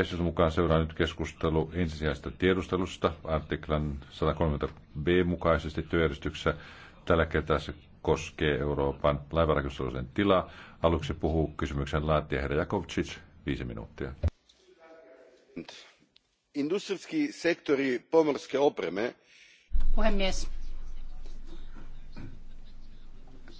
Esityksen mukaan seuraa nyt keskustelu ensisijaisesta tiedustelusta artiklan 130b mukaisesti työjärjestyksessä. Tällä kertaa se koskee Euroopan laivarakennusalueen tilaa. Aluksi puhuu kysymyksen laatija herra Jakovcic, viisi minuuttia. Industrialski sektori pomorske opreme. Puhemies,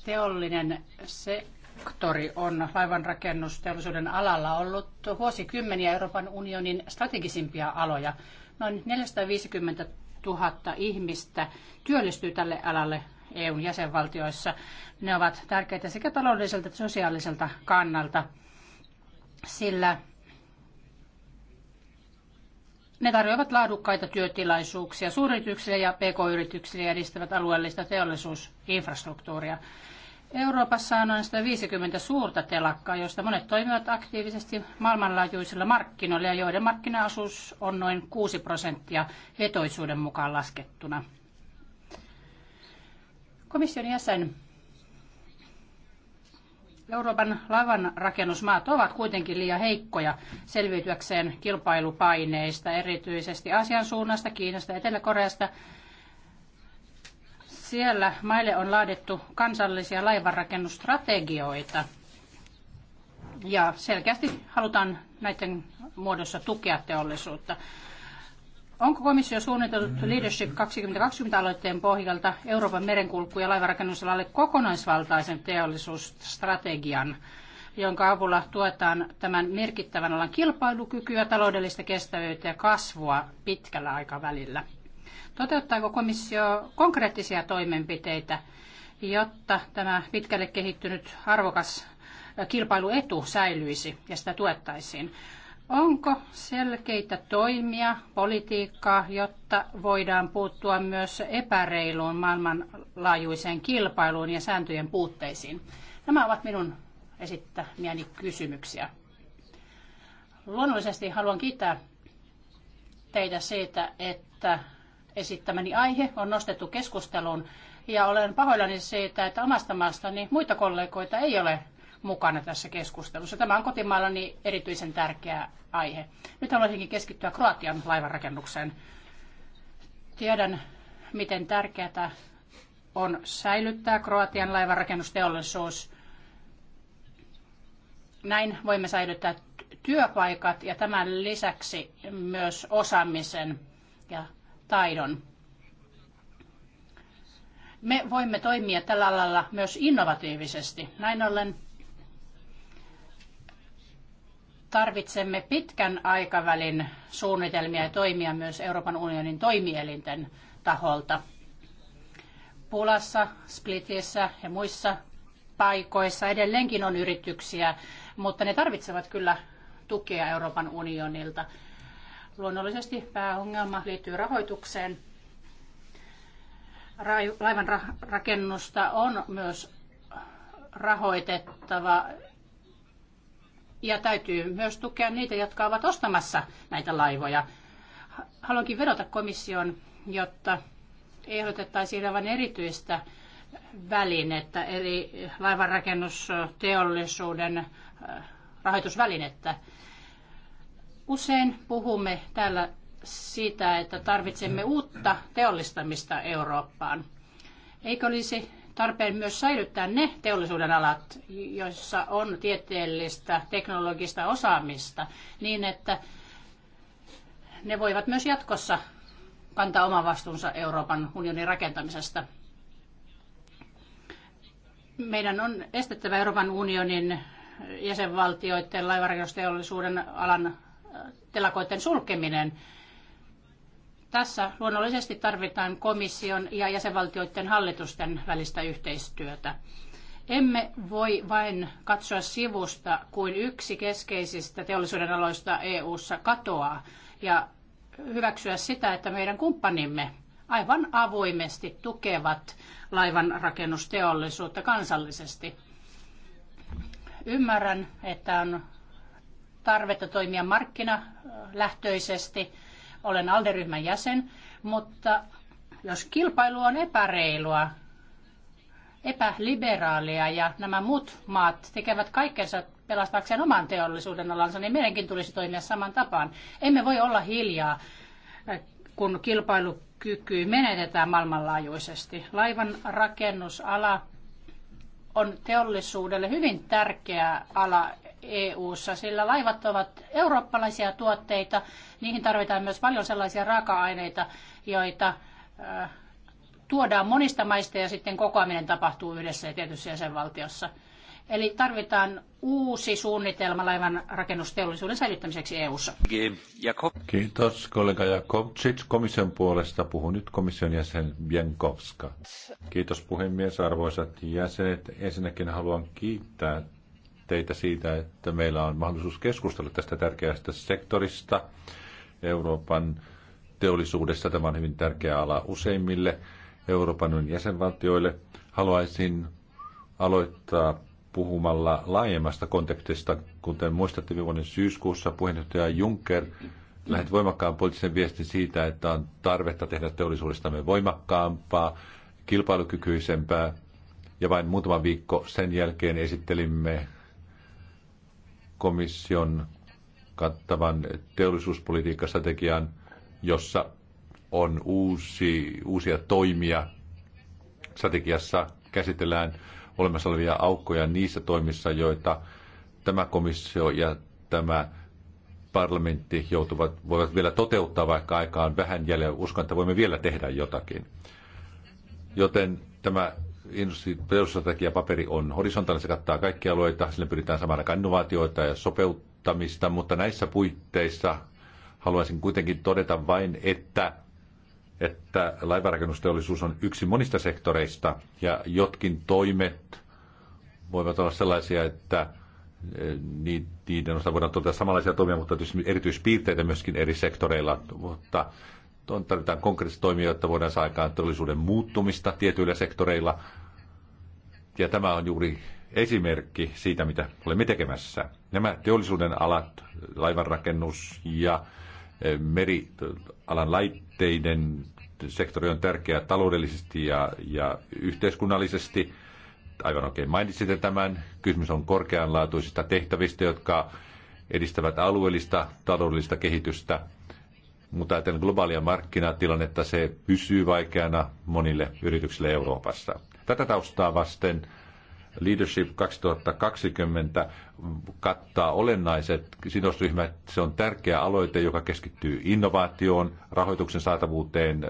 teollinen se, sektori on laivanrakennusteollisuuden alalla ollut vuosikymmeniä Euroopan unionin strategisimpia aloja. Noin 450 000 ihmistä työllistyy tälle alalle EUn jäsenvaltioissa. Ne ovat tärkeitä sekä taloudelliselta että sosiaaliselta kannalta, sillä ne tarjoavat laadukkaita työtilaisuuksia suuryrityksille ja pk-yrityksille ja edistävät alueellista teollisuusinfrastruktuuria. Euroopassa on noin 150 suurta telakkaa, joista monet toimivat aktiivisesti maailmanlaajuisilla markkinoilla ja joiden markkinaosuus on noin 6 prosenttia vetoisuuden mukaan laskettuna. Komission jäsen Euroopan lavan rakennusmaat ovat kuitenkin liian heikkoja selviytyäkseen kilpailupaineista, erityisesti Aasian suunnasta, Kiinasta, Etelä-Koreasta siellä maille on laadittu kansallisia laivanrakennusstrategioita ja selkeästi halutaan näiden muodossa tukea teollisuutta. Onko komissio suunnitellut Leadership 2020-aloitteen pohjalta Euroopan merenkulku- ja laivarakennusalalle kokonaisvaltaisen teollisuusstrategian, jonka avulla tuetaan tämän merkittävän alan kilpailukykyä, taloudellista kestävyyttä ja kasvua pitkällä aikavälillä? Toteuttaako komissio konkreettisia toimenpiteitä, jotta tämä pitkälle kehittynyt arvokas kilpailuetu säilyisi ja sitä tuettaisiin? Onko selkeitä toimia, politiikkaa, jotta voidaan puuttua myös epäreiluun maailmanlaajuiseen kilpailuun ja sääntöjen puutteisiin? Nämä ovat minun esittämiäni kysymyksiä. Luonnollisesti haluan kiittää teitä siitä, että esittämäni aihe on nostettu keskusteluun ja olen pahoillani siitä, että omasta maastani muita kollegoita ei ole mukana tässä keskustelussa. Tämä on kotimaallani erityisen tärkeä aihe. Nyt haluaisinkin keskittyä Kroatian laivanrakennukseen. Tiedän, miten tärkeää on säilyttää Kroatian laivanrakennusteollisuus. Näin voimme säilyttää työpaikat ja tämän lisäksi myös osaamisen ja taidon. Me voimme toimia tällä alalla myös innovatiivisesti. Näin ollen tarvitsemme pitkän aikavälin suunnitelmia ja toimia myös Euroopan unionin toimielinten taholta. Pulassa, Splitissä ja muissa paikoissa edelleenkin on yrityksiä, mutta ne tarvitsevat kyllä tukea Euroopan unionilta. Luonnollisesti pääongelma liittyy rahoitukseen. Laivan rakennusta on myös rahoitettava ja täytyy myös tukea niitä, jotka ovat ostamassa näitä laivoja. Haluankin vedota komission, jotta ehdotettaisiin aivan erityistä välinettä, eli laivanrakennusteollisuuden äh, rahoitusvälinettä. Usein puhumme täällä siitä, että tarvitsemme uutta teollistamista Eurooppaan. Eikö olisi tarpeen myös säilyttää ne teollisuuden alat, joissa on tieteellistä, teknologista osaamista, niin että ne voivat myös jatkossa kantaa oman vastuunsa Euroopan unionin rakentamisesta. Meidän on estettävä Euroopan unionin jäsenvaltioiden laivarakennusteollisuuden alan telakoiden sulkeminen. Tässä luonnollisesti tarvitaan komission ja jäsenvaltioiden hallitusten välistä yhteistyötä. Emme voi vain katsoa sivusta, kuin yksi keskeisistä teollisuuden aloista EU-ssa katoaa ja hyväksyä sitä, että meidän kumppanimme aivan avoimesti tukevat laivanrakennusteollisuutta kansallisesti. Ymmärrän, että on tarvetta toimia markkinalähtöisesti. Olen alderyhmän jäsen, mutta jos kilpailu on epäreilua, epäliberaalia ja nämä muut maat tekevät kaikkensa pelastaakseen oman teollisuuden alansa, niin meidänkin tulisi toimia saman tapaan. Emme voi olla hiljaa, kun kilpailukyky menetetään maailmanlaajuisesti. Laivan rakennusala on teollisuudelle hyvin tärkeä ala EU-ssa, sillä laivat ovat eurooppalaisia tuotteita. Niihin tarvitaan myös paljon sellaisia raaka-aineita, joita äh, tuodaan monista maista ja sitten kokoaminen tapahtuu yhdessä ja tietyssä jäsenvaltiossa. Eli tarvitaan uusi suunnitelma laivan rakennusteollisuuden säilyttämiseksi EU-ssa. Kiitos kollega Jakovcic. Komission puolesta puhuu nyt komission jäsen Bienkovska. Kiitos puhemies, arvoisat jäsenet. Ensinnäkin haluan kiittää teitä siitä, että meillä on mahdollisuus keskustella tästä tärkeästä sektorista Euroopan teollisuudessa. Tämä on hyvin tärkeä ala useimmille Euroopan jäsenvaltioille. Haluaisin aloittaa puhumalla laajemmasta kontekstista. Kuten muistatte, vuoden syyskuussa puheenjohtaja Juncker lähet voimakkaan poliittisen viestin siitä, että on tarvetta tehdä teollisuudestamme voimakkaampaa, kilpailukykyisempää. Ja vain muutama viikko sen jälkeen esittelimme komission kattavan teollisuuspolitiikkastrategian, jossa on uusi, uusia toimia. Strategiassa käsitellään olemassa olevia aukkoja niissä toimissa, joita tämä komissio ja tämä parlamentti joutuvat, voivat vielä toteuttaa, vaikka aikaan vähän jäljellä. Uskon, että voimme vielä tehdä jotakin. Joten tämä paperi on horisontaalinen, se kattaa kaikkia alueita, sille pyritään samaan aikaan innovaatioita ja sopeuttamista, mutta näissä puitteissa haluaisin kuitenkin todeta vain, että että laivarakennusteollisuus on yksi monista sektoreista ja jotkin toimet voivat olla sellaisia, että e, niiden osalta voidaan todeta samanlaisia toimia, mutta erityispiirteitä myöskin eri sektoreilla, mutta tarvitaan konkreettisia toimia, jotta voidaan saada aikaan teollisuuden muuttumista tietyillä sektoreilla, ja tämä on juuri esimerkki siitä, mitä olemme tekemässä. Nämä teollisuuden alat, laivanrakennus ja e, merialan laitteiden sektori on tärkeä taloudellisesti ja, ja yhteiskunnallisesti. Aivan oikein mainitsitte tämän. Kysymys on korkeanlaatuisista tehtävistä, jotka edistävät alueellista taloudellista kehitystä. Mutta ajatellen globaalia markkinatilannetta se pysyy vaikeana monille yrityksille Euroopassa. Tätä taustaa vasten Leadership 2020 kattaa olennaiset sidosryhmät. Se on tärkeä aloite, joka keskittyy innovaatioon, rahoituksen saatavuuteen,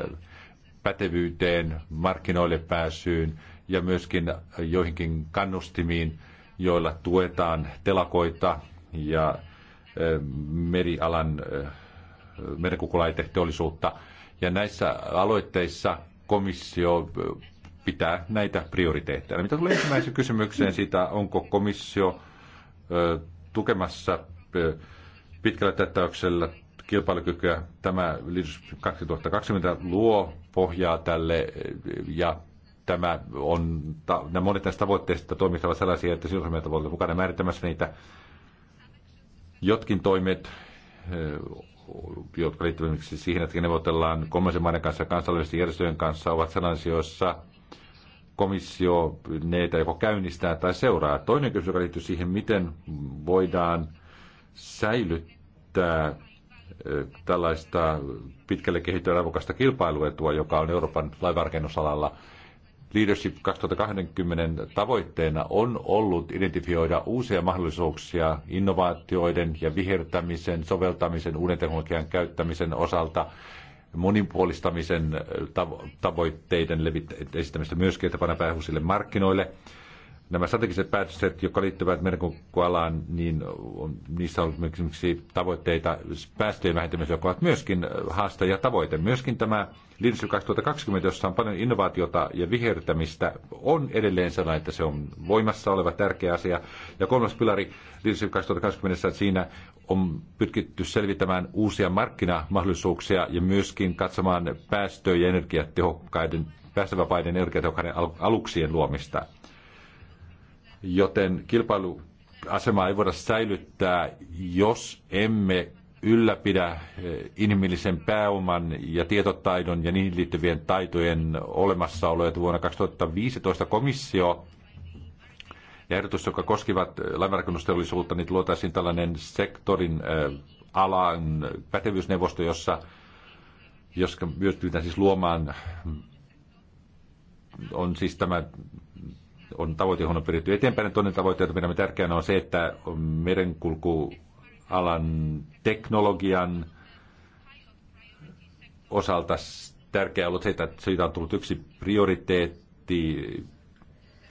pätevyyteen, markkinoille pääsyyn ja myöskin joihinkin kannustimiin, joilla tuetaan telakoita ja merialan merkukulaiteteollisuutta. Ja näissä aloitteissa komissio pitää näitä prioriteetteja. Mitä tulee ensimmäiseen kysymykseen siitä, onko komissio tukemassa pitkällä tähtäyksellä kilpailukykyä. Tämä 2020 luo pohjaa tälle ja tämä on, nämä monet näistä tavoitteista toimista ovat sellaisia, että silloin sidosryhmät ovat mukana määrittämässä niitä. Jotkin toimet, jotka liittyvät siihen, että neuvotellaan kolmansien maiden kanssa ja kansainvälisten järjestöjen kanssa, ovat sellaisia, joissa komissio neitä joko käynnistää tai seuraa. Toinen kysymys, joka liittyy siihen, miten voidaan säilyttää tällaista pitkälle kehittyä arvokasta kilpailuetua, joka on Euroopan laivarakennusalalla. Leadership 2020 tavoitteena on ollut identifioida uusia mahdollisuuksia innovaatioiden ja vihertämisen, soveltamisen, uuden teknologian käyttämisen osalta monipuolistamisen tavoitteiden esittämistä myöskin, että panna päähusille markkinoille. Nämä strategiset päätökset, jotka liittyvät merenkulkualaan, niin on, niissä on esimerkiksi tavoitteita päästöjen vähentämisessä, jotka ovat myöskin haaste ja tavoite. Myöskin tämä Leadership 2020, jossa on paljon innovaatiota ja vihertämistä, on edelleen sana, että se on voimassa oleva tärkeä asia. Ja kolmas pilari Leadership 2020, siinä on pyrkitty selvittämään uusia markkinamahdollisuuksia ja myöskin katsomaan päästöjä ja energiatehokkaiden päästövapaiden energiatehokkaiden aluksien luomista joten kilpailuasemaa ei voida säilyttää, jos emme ylläpidä eh, inhimillisen pääoman ja tietotaidon ja niihin liittyvien taitojen olemassaoloja. Vuonna 2015 komissio ja ehdotus, joka koskivat eh, laivanrakennusteollisuutta, niin luotaisiin tällainen sektorin eh, alan pätevyysneuvosto, jossa jos pystytään siis luomaan, on siis tämä on tavoite, johon on pyritty eteenpäin. Ja toinen tavoite, jota pidämme tärkeänä, on se, että merenkulkualan teknologian osalta tärkeää ollut se, että siitä on tullut yksi prioriteetti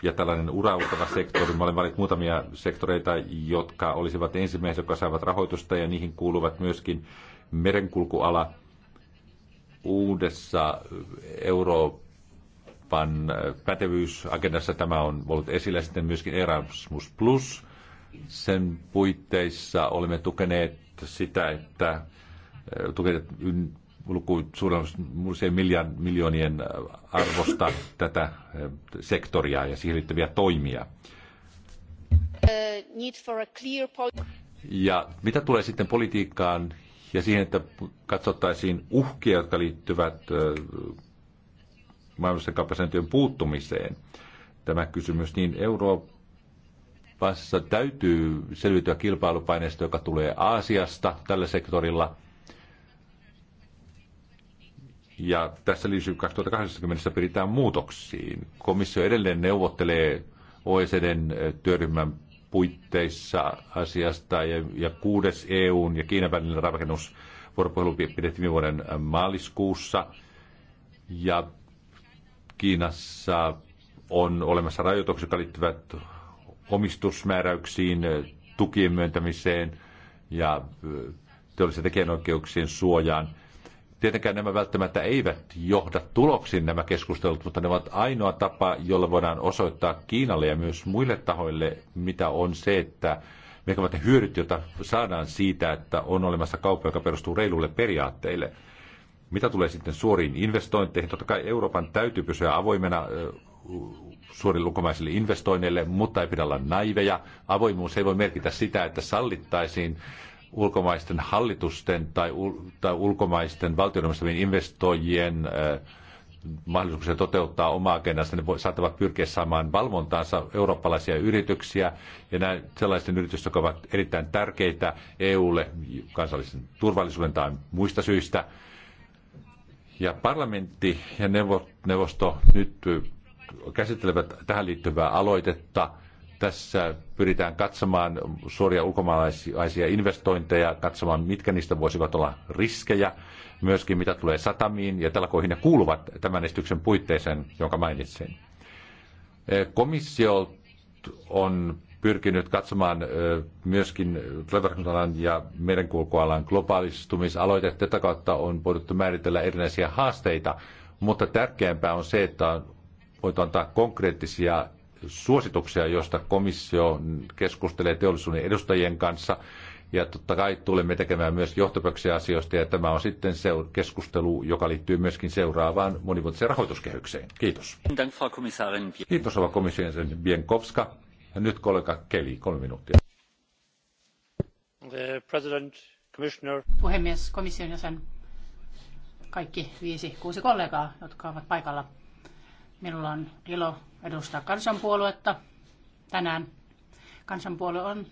ja tällainen urautava sektori. Mä olen valinnut muutamia sektoreita, jotka olisivat ensimmäisiä, jotka saavat rahoitusta ja niihin kuuluvat myöskin merenkulkuala uudessa Euroopassa. Euroopan äh, pätevyysagendassa tämä on ollut esillä sitten myöskin Erasmus Plus. Sen puitteissa olemme tukeneet sitä, että äh, tukeneet lukuisuuden miljoonien äh, arvosta tätä sektoria ja siihen liittyviä toimia. Uh, ja mitä tulee sitten politiikkaan ja siihen, että katsottaisiin uhkia, jotka liittyvät maailmallisten kauppasääntöjen puuttumiseen. Tämä kysymys, niin Euroopassa täytyy selviytyä kilpailupaineesta, joka tulee Aasiasta tällä sektorilla. Ja tässä liittyy 2080 pyritään muutoksiin. Komissio edelleen neuvottelee OECDn eh, työryhmän puitteissa asiasta ja, ja kuudes EUn ja Kiinan välinen rakennus vuoropuhelu pidettiin viime vuoden eh, maaliskuussa. Ja Kiinassa on olemassa rajoituksia, jotka liittyvät omistusmääräyksiin, tukien myöntämiseen ja teollisen tekijänoikeuksien suojaan. Tietenkään nämä välttämättä eivät johda tuloksiin nämä keskustelut, mutta ne ovat ainoa tapa, jolla voidaan osoittaa Kiinalle ja myös muille tahoille, mitä on se, että mikä ovat ne hyödyt, joita saadaan siitä, että on olemassa kauppa, joka perustuu reilulle periaatteille – mitä tulee sitten suoriin investointeihin, totta kai Euroopan täytyy pysyä avoimena suorin ulkomaisille investoinneille, mutta ei pidä olla naiveja. Avoimuus ei voi merkitä sitä, että sallittaisiin ulkomaisten hallitusten tai, ul- tai ulkomaisten valtionomistavien investoijien mahdollisuuksia toteuttaa omaa agendansa, ne saattavat pyrkiä saamaan valvontaansa eurooppalaisia yrityksiä ja näin sellaisten yritysten, jotka ovat erittäin tärkeitä EUlle kansallisen turvallisuuden tai muista syistä. Ja parlamentti ja neuvosto nyt käsittelevät tähän liittyvää aloitetta. Tässä pyritään katsomaan suoria ulkomaalaisia investointeja, katsomaan mitkä niistä voisivat olla riskejä, myöskin mitä tulee satamiin ja talkoihin. Ne kuuluvat tämän esityksen puitteeseen, jonka mainitsin. Komissio on pyrkinyt katsomaan myöskin laivanrakennusalan ja merenkulkualan globaalistumisaloite. Tätä kautta on voitu määritellä erinäisiä haasteita, mutta tärkeämpää on se, että on voitu antaa konkreettisia suosituksia, joista komissio keskustelee teollisuuden edustajien kanssa. Ja totta kai tulemme tekemään myös johtopäätöksiä asioista, ja tämä on sitten se keskustelu, joka liittyy myöskin seuraavaan monivuotiseen rahoituskehykseen. Kiitos. Kiitos, rouva komission Bienkowska. Ja nyt kollega Kelly kolme minuuttia. Puhemies, komission jäsen, kaikki viisi, kuusi kollegaa, jotka ovat paikalla. Minulla on ilo edustaa kansanpuoluetta tänään. Kansanpuolue on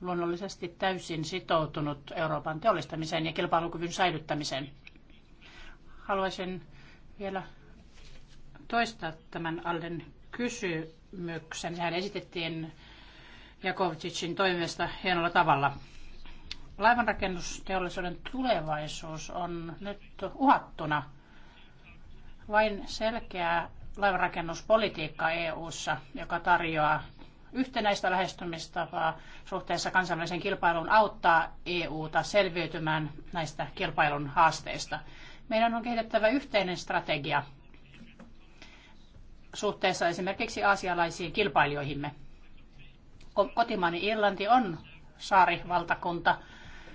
luonnollisesti täysin sitoutunut Euroopan teollistamiseen ja kilpailukyvyn säilyttämiseen. Haluaisin vielä toistaa tämän Alden kysymyksen. Sehän esitettiin Jakovicin toimesta hienolla tavalla. Laivanrakennusteollisuuden tulevaisuus on nyt uhattuna. Vain selkeä laivanrakennuspolitiikka EU:ssa, joka tarjoaa yhtenäistä lähestymistapaa suhteessa kansainväliseen kilpailuun auttaa EUta selviytymään näistä kilpailun haasteista. Meidän on kehitettävä yhteinen strategia suhteessa esimerkiksi aasialaisiin kilpailijoihimme. Kotimaani Irlanti on saarivaltakunta.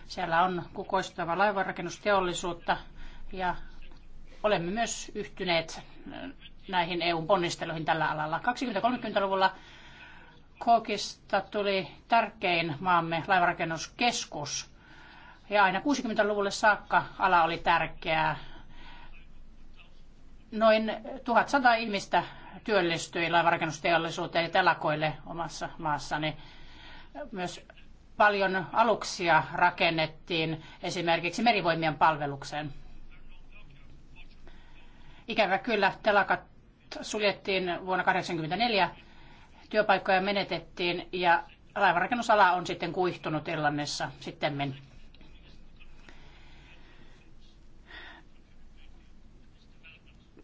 Siellä on kukoistava laivanrakennusteollisuutta ja olemme myös yhtyneet äh, näihin EUn ponnisteluihin tällä alalla. 20-30-luvulla Kokista tuli tärkein maamme laivanrakennuskeskus. Ja aina 60-luvulle saakka ala oli tärkeää Noin 1100 ihmistä työllistyi laivanrakennusteollisuuteen ja telakoille omassa maassani. Myös paljon aluksia rakennettiin esimerkiksi merivoimien palvelukseen. Ikävä kyllä telakat suljettiin vuonna 1984, työpaikkoja menetettiin ja laivanrakennusala on sitten kuihtunut Irlannissa sittemmin.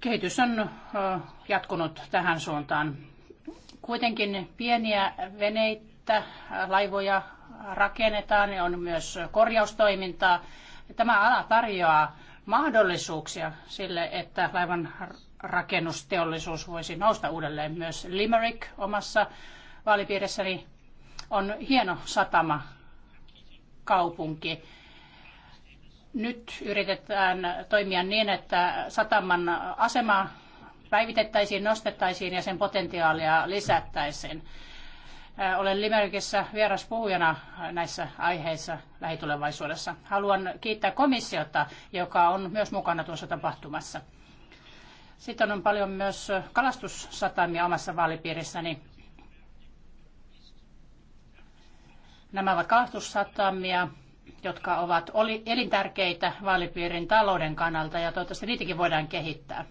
Kehitys on jatkunut tähän suuntaan. Kuitenkin pieniä veneitä, laivoja rakennetaan ja on myös korjaustoimintaa. Tämä ala tarjoaa mahdollisuuksia sille, että laivan rakennusteollisuus voisi nousta uudelleen. Myös Limerick omassa vaalipiirissäni on hieno satama kaupunki nyt yritetään toimia niin, että sataman asema päivitettäisiin, nostettaisiin ja sen potentiaalia lisättäisiin. Äh, olen Limerickissä puhujana näissä aiheissa lähitulevaisuudessa. Haluan kiittää komissiota, joka on myös mukana tuossa tapahtumassa. Sitten on paljon myös kalastussatamia omassa vaalipiirissäni. Nämä ovat kalastussatamia, jotka ovat elintärkeitä vaalipiirin talouden kannalta ja toivottavasti niitäkin voidaan kehittää.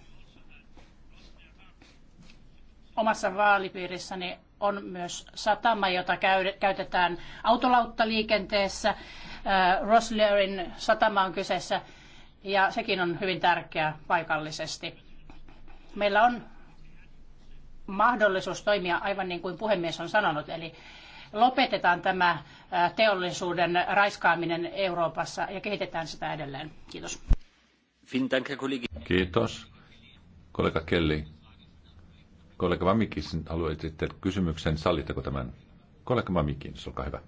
Omassa vaalipiirissäni on myös satama, jota käytetään autolauttaliikenteessä. Äh, Rosslerin satama on kyseessä ja sekin on hyvin tärkeä paikallisesti. Meillä on mahdollisuus toimia aivan niin kuin puhemies on sanonut, eli lopetetaan tämä teollisuuden raiskaaminen Euroopassa ja kehitetään sitä edelleen. Kiitos. Kiitos. Kollega Kelly. Kollega Mamikis haluaa esittää kysymyksen. Sallitteko tämän? Kollega Mamikis, olkaa hyvä.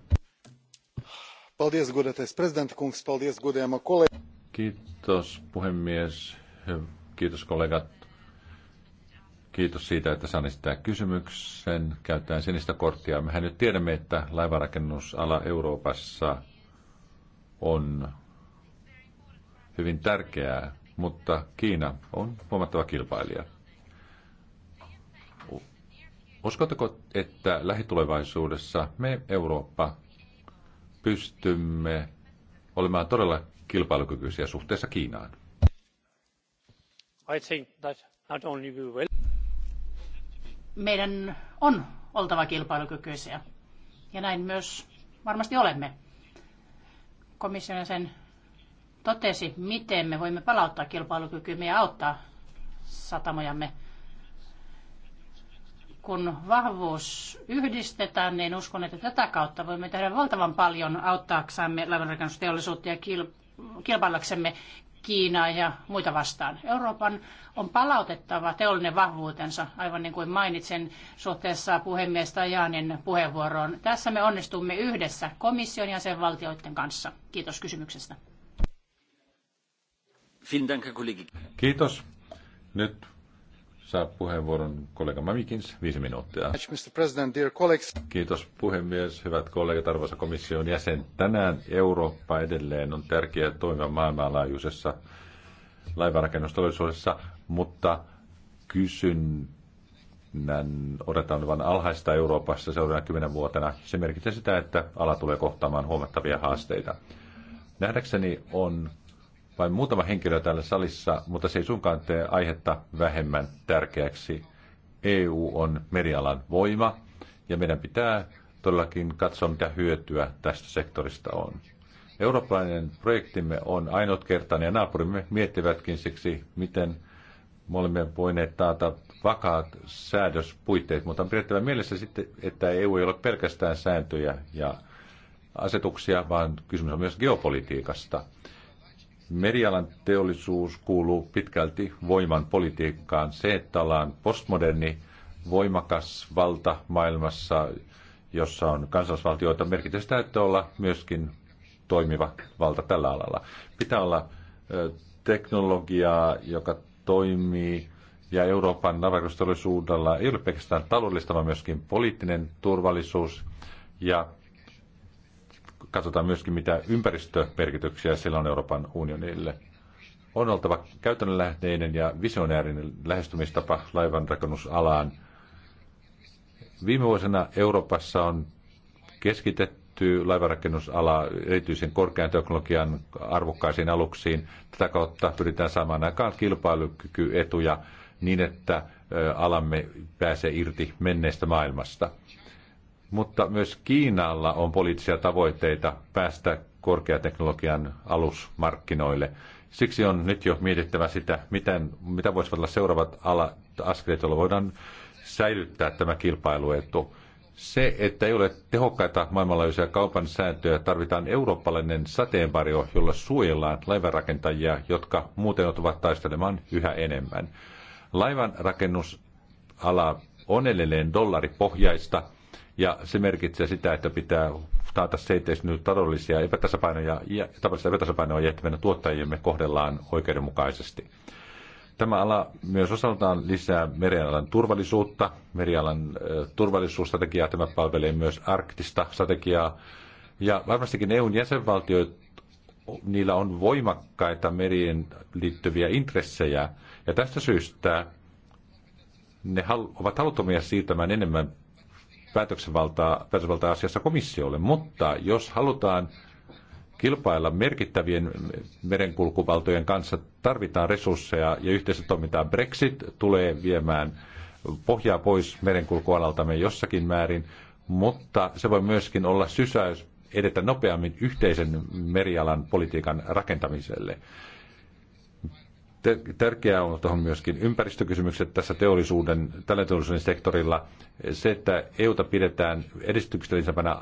Kiitos puhemies. Kiitos kollegat Kiitos siitä, että sain esittää kysymyksen. Käyttäen sinistä korttia. Mehän nyt tiedämme, että laivarakennusala Euroopassa on hyvin tärkeää, mutta Kiina on huomattava kilpailija. Uskotteko, että lähitulevaisuudessa me Eurooppa pystymme olemaan todella kilpailukykyisiä suhteessa Kiinaan? I think that not only we will meidän on oltava kilpailukykyisiä. Ja näin myös varmasti olemme. Komission sen totesi, miten me voimme palauttaa kilpailukykyä ja auttaa satamojamme. Kun vahvuus yhdistetään, niin uskon, että tätä kautta voimme tehdä valtavan paljon auttaaksamme laivanrakennusteollisuutta ja kilpailaksemme Kiinaa ja muita vastaan. Euroopan on palautettava teollinen vahvuutensa, aivan niin kuin mainitsen suhteessa puhemies Tajanin puheenvuoroon. Tässä me onnistumme yhdessä komission ja sen valtioiden kanssa. Kiitos kysymyksestä. Kiitos. Nyt saa puheenvuoron kollega Mamikins, viisi minuuttia. Kiitos puhemies, hyvät kollegat, arvoisa komission jäsen. Tänään Eurooppa edelleen on tärkeä toimia maailmanlaajuisessa laivanrakennusteollisuudessa, mutta kysynnän odotan vain alhaista Euroopassa seuraavana kymmenen vuotena. Se merkitsee sitä, että ala tulee kohtaamaan huomattavia haasteita. Nähdäkseni on vain muutama henkilö täällä salissa, mutta se ei sunkaan tee aihetta vähemmän tärkeäksi. EU on merialan voima ja meidän pitää todellakin katsoa, mitä hyötyä tästä sektorista on. Eurooppalainen projektimme on ainutkertainen ja naapurimme miettivätkin siksi, miten me olemme voineet taata vakaat säädöspuitteet, mutta on pidettävä mielessä sitten, että EU ei ole pelkästään sääntöjä ja asetuksia, vaan kysymys on myös geopolitiikasta. Merialan teollisuus kuuluu pitkälti voiman politiikkaan. Se, että ollaan postmoderni, voimakas valta maailmassa, jossa on kansallisvaltioita, merkitsee sitä, että olla myöskin toimiva valta tällä alalla. Pitää olla teknologiaa, joka toimii, ja Euroopan navigosteollisuudella ei ole pelkästään taloudellista, vaan myöskin poliittinen turvallisuus. Ja katsotaan myöskin, mitä ympäristömerkityksiä sillä on Euroopan unionille. On oltava käytännönlähteinen ja visionäärinen lähestymistapa laivanrakennusalaan. Viime vuosina Euroopassa on keskitetty laivanrakennusala erityisen korkean teknologian arvokkaisiin aluksiin. Tätä kautta pyritään saamaan aikaan kilpailukykyetuja niin, että alamme pääsee irti menneestä maailmasta mutta myös Kiinalla on poliittisia tavoitteita päästä korkeateknologian alusmarkkinoille. Siksi on nyt jo mietittävä sitä, miten, mitä voisivat olla seuraavat ala, askeleet, joilla voidaan säilyttää tämä kilpailuetu. Se, että ei ole tehokkaita maailmanlaajuisia kaupan sääntöjä, tarvitaan eurooppalainen sateenvarjo, jolla suojellaan laivanrakentajia, jotka muuten ovat taistelemaan yhä enemmän. Laivanrakennusala on edelleen dollaripohjaista – ja se merkitsee sitä, että pitää taata se, että nyt taloudellisia epätasapainoja ja taloudellisia epätasapainoja ja että meidän tuottajiemme kohdellaan oikeudenmukaisesti. Tämä ala myös osaltaan lisää merialan turvallisuutta. Merialan turvallisuusstrategiaa tämä palvelee myös arktista strategiaa. Ja varmastikin EUn jäsenvaltiot niillä on voimakkaita merien liittyviä intressejä. Ja tästä syystä ne ovat haluttomia siirtämään enemmän Päätöksenvaltaa, päätösvaltaa asiassa komissiolle, mutta jos halutaan kilpailla merkittävien merenkulkuvaltojen kanssa, tarvitaan resursseja ja yhteistä toimintaa. Brexit tulee viemään pohjaa pois merenkulkualaltamme jossakin määrin, mutta se voi myöskin olla sysäys edetä nopeammin yhteisen merialan politiikan rakentamiselle. Tärkeää on tuohon myöskin ympäristökysymykset tässä teollisuuden, tällä teollisuuden sektorilla. Se, että EUta pidetään edistyksellisempänä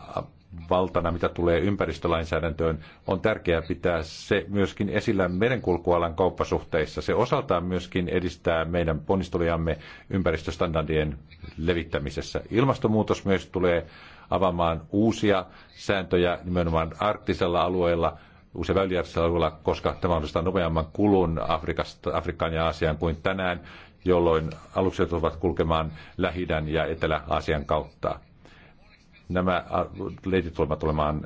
valtana, mitä tulee ympäristölainsäädäntöön, on tärkeää pitää se myöskin esillä merenkulkualan kauppasuhteissa. Se osaltaan myöskin edistää meidän ponnistelujamme ympäristöstandardien levittämisessä. Ilmastonmuutos myös tulee avaamaan uusia sääntöjä nimenomaan arktisella alueella – uusia väyliä olla, koska tämä on nopeamman kulun Afrikasta, Afrikkaan ja Aasiaan kuin tänään, jolloin alukset ovat kulkemaan lähi ja Etelä-Aasian kautta. Nämä leitit tulevat olemaan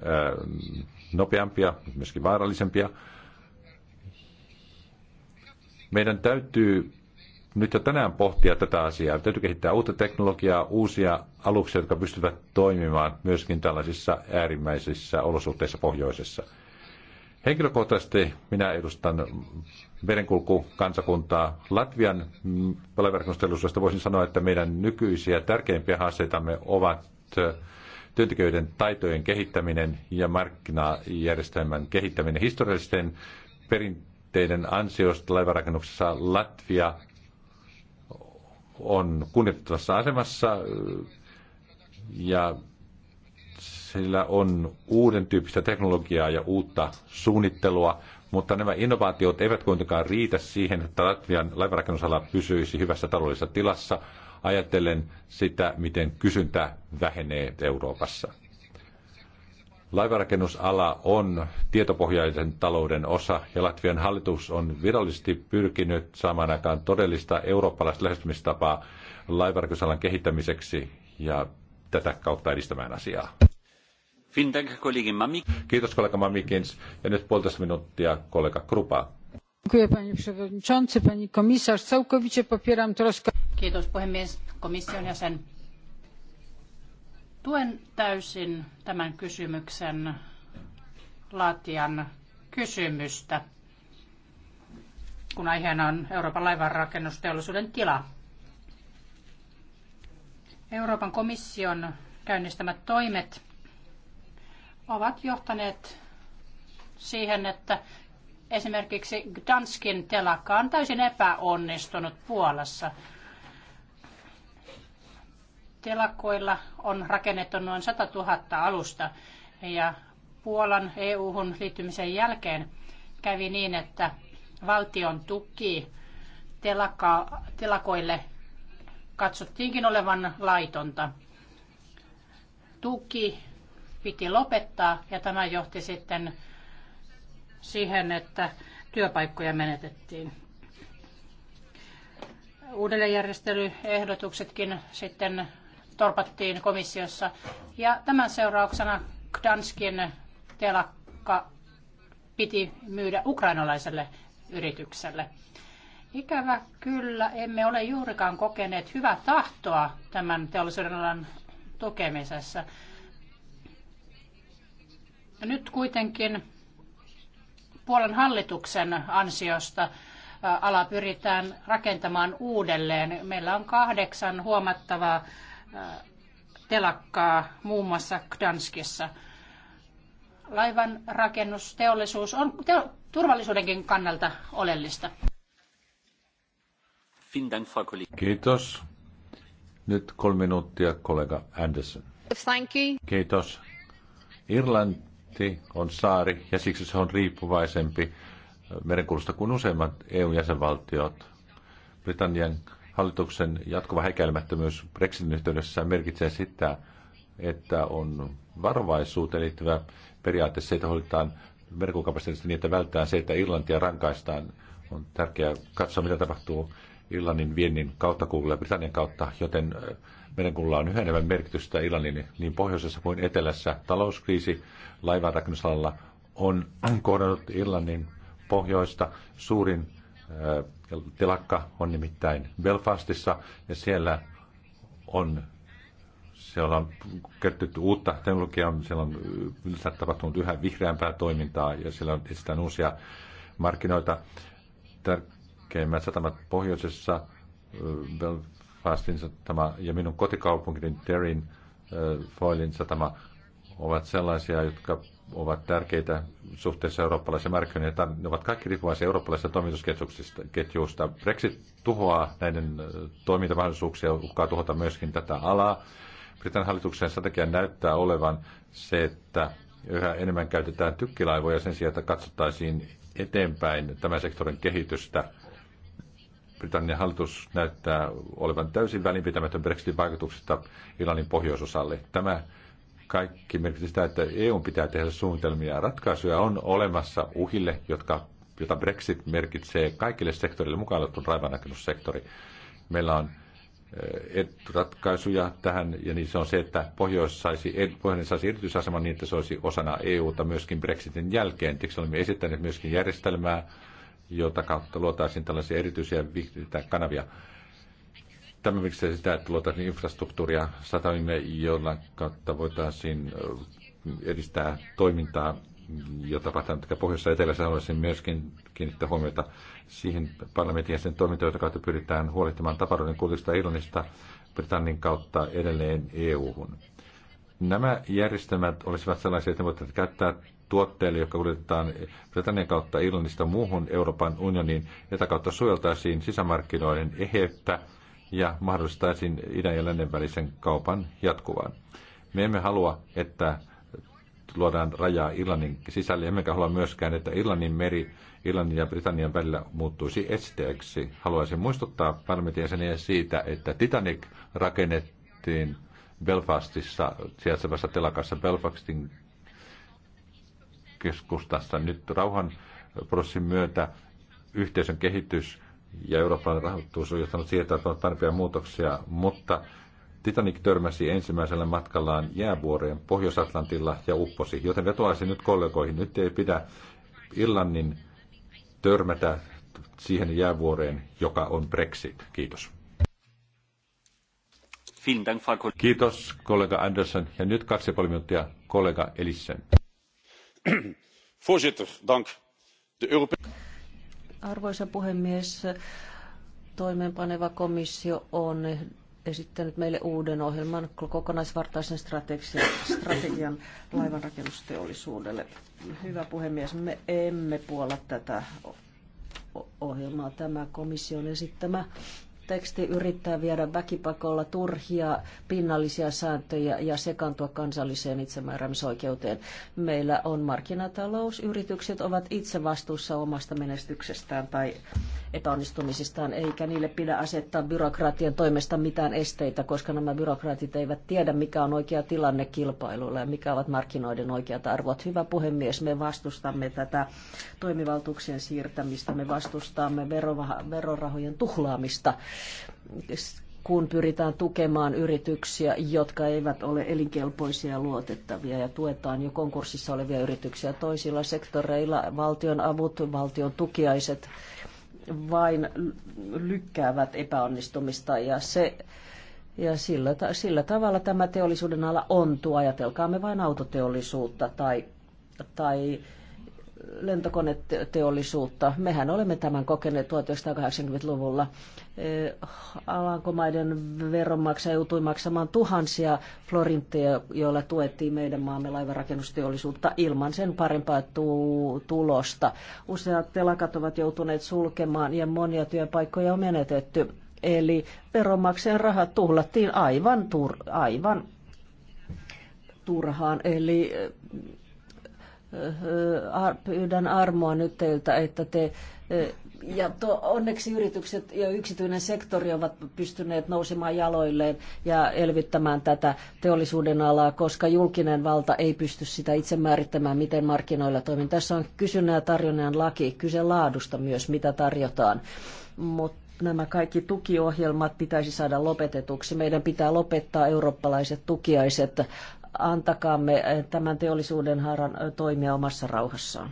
nopeampia, myöskin vaarallisempia. Meidän täytyy nyt jo tänään pohtia tätä asiaa. Täytyy kehittää uutta teknologiaa, uusia aluksia, jotka pystyvät toimimaan myöskin tällaisissa äärimmäisissä olosuhteissa pohjoisessa. Henkilökohtaisesti minä edustan merenkulkukansakuntaa Latvian palaverkostelusta. Voisin sanoa, että meidän nykyisiä tärkeimpiä haasteitamme ovat työntekijöiden taitojen kehittäminen ja markkinajärjestelmän kehittäminen. Historiallisten perinteiden ansiosta laivarakennuksessa Latvia on kunnioittavassa asemassa ja sillä on uuden tyyppistä teknologiaa ja uutta suunnittelua, mutta nämä innovaatiot eivät kuitenkaan riitä siihen, että Latvian laivarakennusala pysyisi hyvässä taloudellisessa tilassa, ajatellen sitä, miten kysyntä vähenee Euroopassa. Laivarakennusala on tietopohjaisen talouden osa ja Latvian hallitus on virallisesti pyrkinyt saamaan aikaan todellista eurooppalaista lähestymistapaa laivarakennusalan kehittämiseksi ja tätä kautta edistämään asiaa. Kiitos kollega Mamikins. Ja nyt puolitoista minuuttia kollega Krupa. Panie przewodniczący, pani komisarz, całkowicie popieram Kiitos puhemies, komission jäsen. Tuen täysin tämän kysymyksen laatijan kysymystä, kun aiheena on Euroopan laivanrakennusteollisuuden tila. Euroopan komission käynnistämät toimet ovat johtaneet siihen, että esimerkiksi Gdanskin telakka on täysin epäonnistunut Puolassa. Telakoilla on rakennettu noin 100 000 alusta ja Puolan EU-hun liittymisen jälkeen kävi niin, että valtion tuki telaka, telakoille katsottiinkin olevan laitonta. Tuki piti lopettaa ja tämä johti sitten siihen, että työpaikkoja menetettiin. Uudelleenjärjestelyehdotuksetkin sitten torpattiin komissiossa ja tämän seurauksena Gdanskin telakka piti myydä ukrainalaiselle yritykselle. Ikävä kyllä emme ole juurikaan kokeneet hyvää tahtoa tämän teollisuuden alan tukemisessa. Nyt kuitenkin Puolan hallituksen ansiosta ala pyritään rakentamaan uudelleen. Meillä on kahdeksan huomattavaa telakkaa muun muassa Gdanskissa. Laivan rakennusteollisuus on teo- turvallisuudenkin kannalta oleellista. Kiitos. Nyt kolme minuuttia kollega Anderson. Thank you. Kiitos. Irlanti kontinentti on saari ja siksi se on riippuvaisempi merenkulusta kuin useimmat EU-jäsenvaltiot. Britannian hallituksen jatkuva häikäilemättömyys Brexitin yhteydessä merkitsee sitä, että on varovaisuuteen liittyvä periaate se, että hoidetaan merkukapasiteetista niin, että vältetään se, että Irlantia rankaistaan. On tärkeää katsoa, mitä tapahtuu Irlannin viennin kautta kuulle Britannian kautta, joten merenkulalla on yhä enemmän merkitystä Irlannin niin pohjoisessa kuin etelässä. Talouskriisi laivanrakennusalalla on kohdannut Irlannin pohjoista. Suurin äh, telakka on nimittäin Belfastissa ja siellä on siellä on kertytty uutta teknologiaa, siellä on tapahtunut yhä vihreämpää toimintaa ja siellä on etsitään uusia markkinoita. Tärkeimmät satamat pohjoisessa äh, Fastin satama ja minun kotikaupunkini Derin Foilin satama ovat sellaisia, jotka ovat tärkeitä suhteessa eurooppalaisen markkinoihin. Ne ovat kaikki riippuvaisia eurooppalaisista toimitusketjuista. Brexit tuhoaa näiden toimintamahdollisuuksia, uhkaa tuhota myöskin tätä alaa. Britannian hallituksen strategia näyttää olevan se, että yhä enemmän käytetään tykkilaivoja sen sijaan, että katsottaisiin eteenpäin tämän sektorin kehitystä – Britannian hallitus näyttää olevan täysin välinpitämätön Brexitin vaikutuksista Irlannin pohjoisosalle. Tämä kaikki merkitsee sitä, että EU pitää tehdä suunnitelmia. Ratkaisuja on olemassa uhille, jotka, jota Brexit merkitsee kaikille sektorille, mukaan otettu raivanäkennussektori. Meillä on eh, ratkaisuja tähän, ja niin se on se, että Pohjois saisi, Pohjois saisi erityisaseman niin, että se olisi osana EUta myöskin Brexitin jälkeen. Tiksi olemme esittäneet myöskin järjestelmää, jota kautta luotaisiin tällaisia erityisiä kanavia. Tämä miksi sitä, että luotaisiin infrastruktuuria satamimme, jolla kautta voitaisiin äh, edistää toimintaa, jota tapahtuu sekä pohjoissa ja etelässä. Haluaisin myöskin kiinnittää huomiota siihen parlamentin sen toimintaan, jota kautta pyritään huolehtimaan tavaroiden kuljetusta Irlannista Britannin kautta edelleen EU-hun. Nämä järjestelmät olisivat sellaisia, että ne voitaisiin käyttää tuotteille, jotka kuljetetaan Britannian kautta Irlannista muuhun Euroopan unioniin. jota kautta suojeltaisiin sisämarkkinoiden eheyttä ja mahdollistaisiin idän ja lännen välisen kaupan jatkuvan. Me emme halua, että luodaan rajaa Irlannin sisälle, emmekä halua myöskään, että Irlannin meri Irlannin ja Britannian välillä muuttuisi esteeksi. Haluaisin muistuttaa parlamentin siitä, että Titanic rakennettiin Belfastissa sijaitsevassa telakassa Belfastin keskustassa. Nyt rauhan prosessin myötä yhteisön kehitys ja Euroopan rahoitus on johtanut siihen, että on tarpeen muutoksia, mutta Titanic törmäsi ensimmäisellä matkallaan jäävuoreen Pohjois-Atlantilla ja upposi, joten vetoaisin nyt kollegoihin. Nyt ei pidä Irlannin törmätä siihen jäävuoreen, joka on Brexit. Kiitos. Kiitos kollega Anderson. Ja nyt kaksi ja kolme minuuttia kollega Elissen. arvoisa puhemies toimeenpaneva komissio on esittänyt meille uuden ohjelman kokonaisvaltaisen strategian laivanrakennusteollisuudelle. Hyvä puhemies, me emme puolla tätä ohjelmaa. Tämä komission esittämä teksti yrittää viedä väkipakolla turhia pinnallisia sääntöjä ja sekantua kansalliseen itsemääräämisoikeuteen. Meillä on markkinatalous, yritykset ovat itse vastuussa omasta menestyksestään tai epäonnistumisistaan, eikä niille pidä asettaa byrokraattien toimesta mitään esteitä, koska nämä byrokraatit eivät tiedä, mikä on oikea tilanne kilpailulla ja mikä ovat markkinoiden oikeat arvot. Hyvä puhemies, me vastustamme tätä toimivaltuuksien siirtämistä, me vastustamme verorahojen tuhlaamista kun pyritään tukemaan yrityksiä, jotka eivät ole elinkelpoisia ja luotettavia, ja tuetaan jo konkurssissa olevia yrityksiä toisilla sektoreilla, valtion avut, valtion tukiaiset vain lykkäävät epäonnistumista, ja se ja sillä, sillä tavalla tämä teollisuuden ala ontuu. Ajatelkaamme vain autoteollisuutta tai, tai lentokoneteollisuutta. Mehän olemme tämän kokeneet 1980-luvulla. Eh, Alankomaiden veronmaksa joutui maksamaan tuhansia florintteja, joilla tuettiin meidän maamme laivarakennusteollisuutta ilman sen parempaa tu- tulosta. Useat telakat ovat joutuneet sulkemaan ja monia työpaikkoja on menetetty. Eli veronmaksajan rahat tuhlattiin aivan, tur- aivan turhaan. Eli eh, Äh, pyydän armoa nyt teiltä, että te äh, ja to, onneksi yritykset ja yksityinen sektori ovat pystyneet nousemaan jaloilleen ja elvyttämään tätä teollisuuden alaa, koska julkinen valta ei pysty sitä itse määrittämään, miten markkinoilla toimin. Tässä on kysynnän ja tarjonnan laki, kyse laadusta myös, mitä tarjotaan. Mutta nämä kaikki tukiohjelmat pitäisi saada lopetetuksi. Meidän pitää lopettaa eurooppalaiset tukiaiset antakaamme eh, tämän teollisuuden haaran eh, toimia omassa rauhassaan.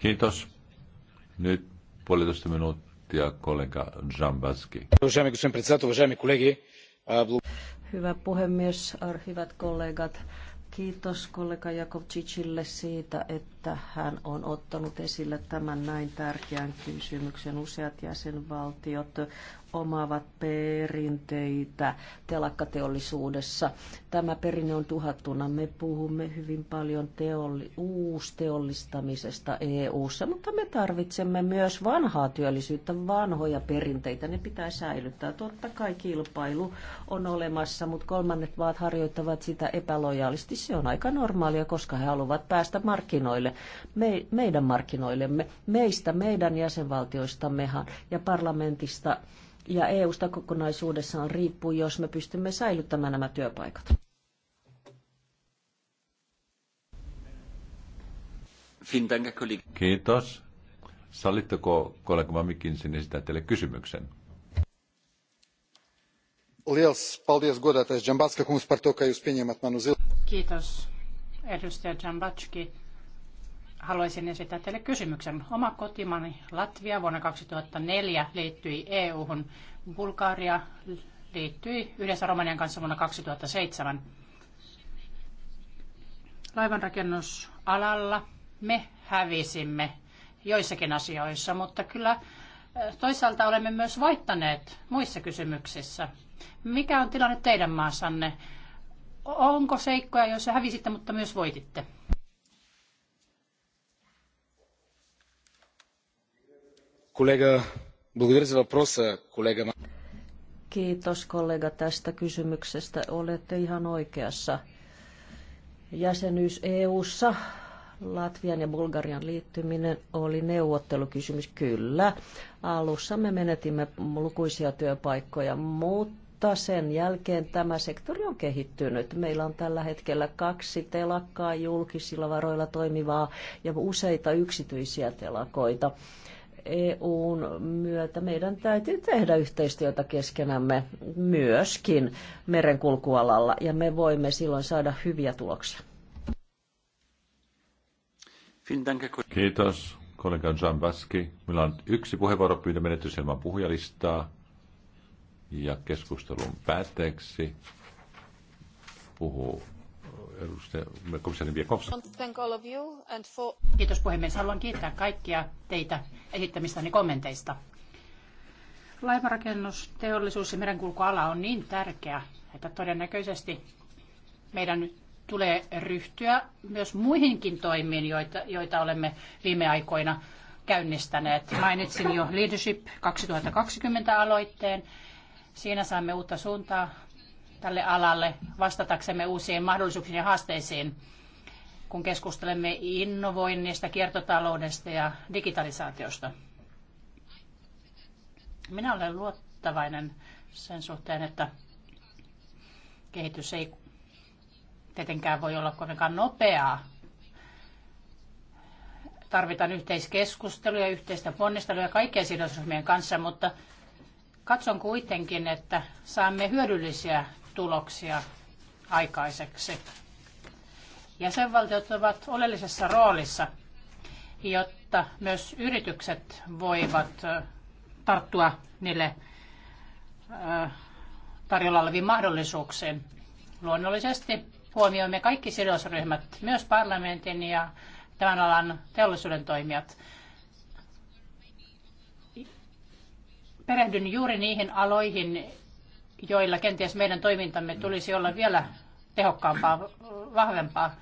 Kiitos. Nyt puolitoista minuuttia kollega Zambaski. Hyvä puhemies, hyvät kollegat. Kiitos kollega Jakovcicille siitä, että että hän on ottanut esille tämän näin tärkeän kysymyksen. Useat jäsenvaltiot omaavat perinteitä telakkateollisuudessa. Tämä perinne on tuhattuna. Me puhumme hyvin paljon teolli, uusteollistamisesta EU-ssa, mutta me tarvitsemme myös vanhaa työllisyyttä, vanhoja perinteitä. Ne pitää säilyttää. Totta kai kilpailu on olemassa, mutta kolmannet vaat harjoittavat sitä epälojaalisti. Se on aika normaalia, koska he haluavat päästä markkinoille me, meidän markkinoillemme, meistä, meidän jäsenvaltioistammehan ja parlamentista ja EU-sta kokonaisuudessaan riippuu, jos me pystymme säilyttämään nämä työpaikat. Kiitos. Sallitteko kollega Mikinsin esittää teille kysymyksen? Kiitos, edustaja Jambatski haluaisin esittää teille kysymyksen. Oma kotimani Latvia vuonna 2004 liittyi EU-hun. Bulgaria liittyi yhdessä Romanian kanssa vuonna 2007. Laivanrakennusalalla me hävisimme joissakin asioissa, mutta kyllä toisaalta olemme myös voittaneet muissa kysymyksissä. Mikä on tilanne teidän maassanne? Onko seikkoja, joissa hävisitte, mutta myös voititte? Kollega, благодаря за Kiitos kollega tästä kysymyksestä. Olette ihan oikeassa. Jäsenyys EU:ssa Latvian ja Bulgarian liittyminen oli neuvottelukysymys. Kyllä, alussa me menetimme lukuisia työpaikkoja, mutta sen jälkeen tämä sektori on kehittynyt. Meillä on tällä hetkellä kaksi telakkaa julkisilla varoilla toimivaa ja useita yksityisiä telakoita. EUn myötä meidän täytyy tehdä yhteistyötä keskenämme myöskin merenkulkualalla ja me voimme silloin saada hyviä tuloksia. Kiitos kollega Jan Baski. Meillä on yksi puheenvuoro pyydä ilman puhujalistaa. Ja keskustelun päätteeksi puhuu edustaja komissaari Kiitos puhemies. Haluan kiittää kaikkia teitä esittämistäni kommenteista. Laivarakennus, teollisuus ja merenkulkuala on niin tärkeä, että todennäköisesti meidän tulee ryhtyä myös muihinkin toimiin, joita, joita olemme viime aikoina käynnistäneet. Mainitsin jo Leadership 2020 aloitteen. Siinä saamme uutta suuntaa tälle alalle vastataksemme uusiin mahdollisuuksiin ja haasteisiin, kun keskustelemme innovoinnista, kiertotaloudesta ja digitalisaatiosta. Minä olen luottavainen sen suhteen, että kehitys ei tietenkään voi olla kovinkaan nopeaa. Tarvitaan yhteiskeskusteluja, yhteistä ponnistelua kaikkien sidosryhmien kanssa, mutta katson kuitenkin, että saamme hyödyllisiä tuloksia aikaiseksi. Jäsenvaltiot ovat oleellisessa roolissa, jotta myös yritykset voivat tarttua niille tarjolla oleviin mahdollisuuksiin. Luonnollisesti huomioimme kaikki sidosryhmät, myös parlamentin ja tämän alan teollisuuden toimijat. Perehdyn juuri niihin aloihin, joilla kenties meidän toimintamme tulisi olla vielä tehokkaampaa, vahvempaa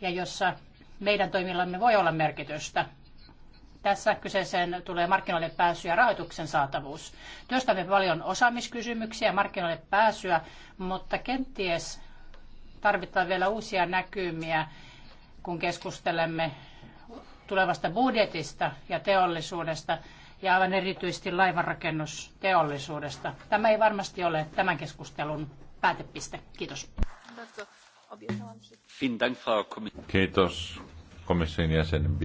ja jossa meidän toimillamme voi olla merkitystä. Tässä kyseeseen tulee markkinoille pääsy ja rahoituksen saatavuus. Työstämme paljon osaamiskysymyksiä, markkinoille pääsyä, mutta kenties tarvitaan vielä uusia näkymiä, kun keskustelemme tulevasta budjetista ja teollisuudesta – ja aivan erityisesti laivanrakennusteollisuudesta. Tämä ei varmasti ole tämän keskustelun päätepiste. Kiitos. Kiitos komission jäsen.